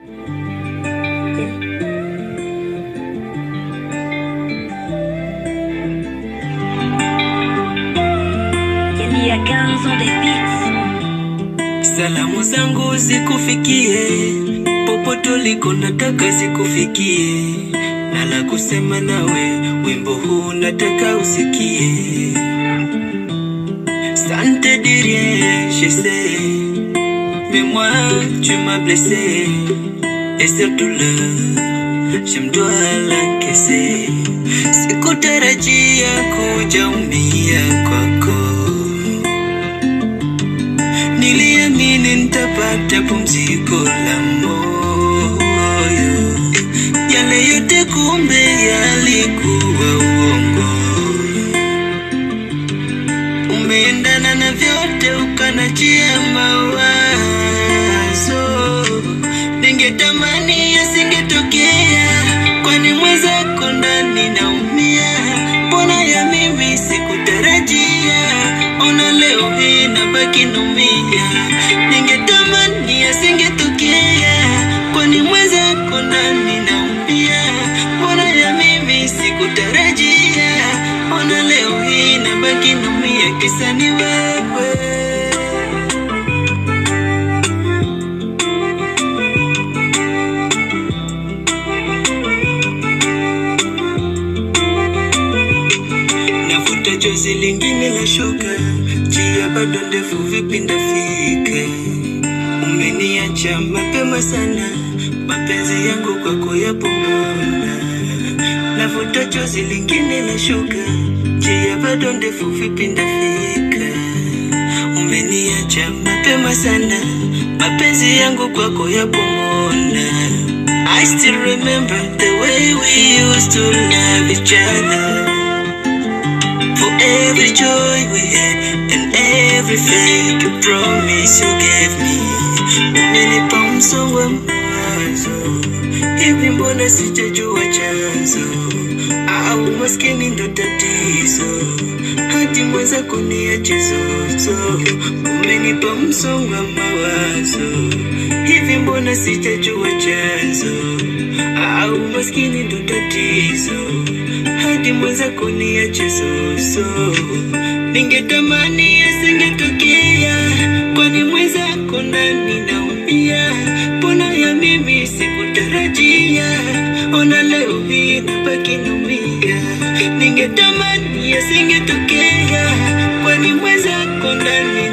ya 15 ans de salamu zangu zikufikie popote uliko nataka zikufikie na la kusema nawe wimbo huu nataka usikie sante mais moi tu m'as blessé et cette douleur, je me dois l'encaisser. Sikutarajia kujaumia kwako, niliamini nitapata pumziko la moyo. Yale yote kumbe yalikuwa uongo, umeendana na vyote ukanachia mawazo kutarajia ona leo hii nabaki naumia, kisa ni wewe. Nafuta chozi lingine la shuka, jia bado ndefu, vipi ndafika? Umeniacha mapema sana, mapenzi yangu kwako yapomona navuta chozi lingine la shuka njia bado ndefu vipi umeniacha mapema sana mapenzi yangu kwako yapomona I still remember the way we used to love each other For every joy we had and every fake promise you gave me Umenipa msongo chanzo? Hivi mbona sijajua chanzo? Au maskini ndo tatizo, Hati mweza kuniache zozo, umenipa msongo wa mawazo. Hivi mbona sijajua chanzo? Au maskini ndo tatizo, Hati mweza kuniache zozo. Ningetamani asingetokea, kwani mwezako ndani naumia ningetamani yasingetokea, kwani mwenzako ndani